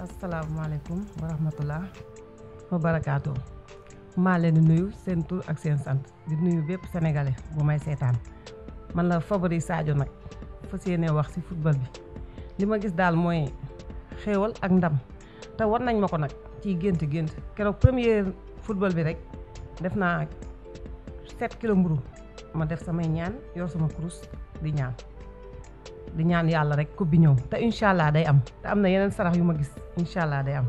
asalaamaaleykum wa rahmatullah wa barakaatu maa leen di nuyu seen tur ak seen sant di nuyu bépp sénégalais bu may seetaan man la Fabry saajo nag fas yéene wax ci futbal bi li ma gis daal mooy xéewal ak ndam te war nañ ma ko nag ciy gént gént keroog premier football bi rek def naa 7 kilo mburu ma def samay ñaan yor sama kurus di ñaan di ñaan yàlla rek coupe bi ñëw te incha allah day am te am na yeneen sarax yu ma gis incha day am.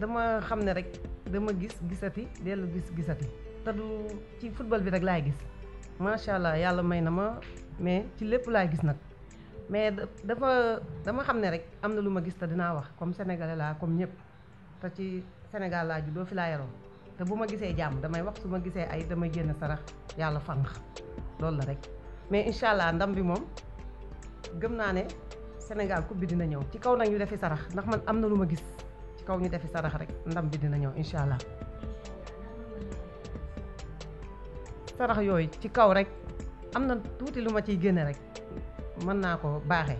dama xam ne rek dama gis gisati dellu gis gisati te du ci football bi rek laay gis macha allah yàlla may na ma mais ci lépp laay gis nag mais dafa dama xam ne rek am na lu ma gis te dinaa wax comme sénégalais laa comme ñëpp. te ci Sénégal laa juddoo fi laa yaroo te bu ma gisee jàmm damay wax su ma gisee ay damay génn sarax yàlla fanq loolu la rek mais incha allah ndam bi moom gëm naa ne Sénégal coupe bi dina ñëw ci kaw nag ñu defi sarax ndax man am na lu ma gis ci kaw ñu defi sarax rek ndam bi dina ñëw incha allah sarax yooyu ci kaw rek am na tuuti lu ma ciy génne rek mën naa ko baaxee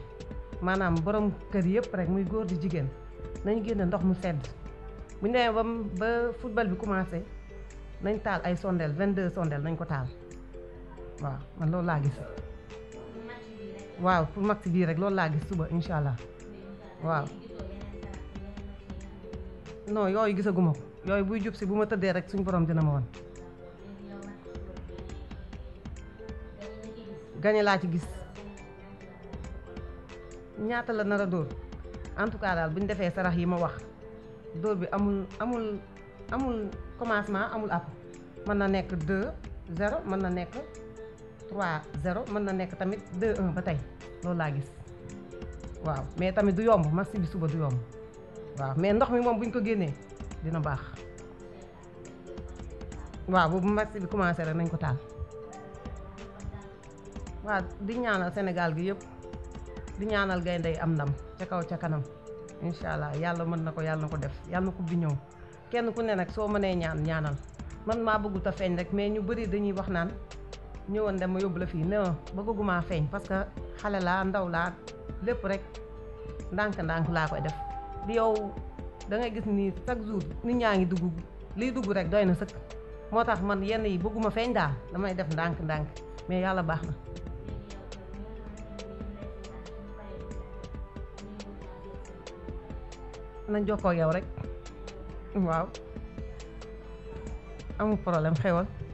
maanaam borom kër yëpp rek muy góor di jigéen nañ génne ndox mu sedd bu ñu demee ba ba football bi commencé nañ taal ay sondeel 22 sondeel nañ ko taal waaw man loolu laa gis. waaw pour match bii rek loolu laa gis suba incha allah waaw. no yooyu gisaguma ko yooyu buy jub si bu ma tëddee rek suñu borom dina ma woon. gañe laa ci gis ñaata la nar a en tout cas daal bu ñu defee sarax yi ma wax. dóor bi amul amul amul commencement amul app mën na nekk 2 0 mën na nekk 3 0 mën na nekk tamit 2 ba tey loolu laa gis waaw mais tamit du yomb match bi suba du yomb waaw mais ndox mi moom bu ñu ko génnee dina baax waaw boobu match bi commencé rek nañ ko taal waaw di ñaanal Sénégal gi yëpp di ñaanal gaynde yi am ndam ca kaw ca kanam incha allah yàlla mën na ko yàlla na ko def yàlla na ko bi ñëw kenn ku ne nag soo mënee ñaan ñaanal man maa bëggut a feeñ rek mais ñu bëri dañuy wax naan ñëwoon dama yóbbu la fii non bëgguma feeñ parce que xale laa ndaw laa lépp rek ndànk-ndànk laa koy def di yow dangay gis ni chaque jour nit ñaa ngi dugg liy dugg rek doy na sëkk moo tax man yenn yi bëgguma feeñ daal damay def ndànk-ndànk mais yàlla baax na Yo cojo ahora Wow. rek waaw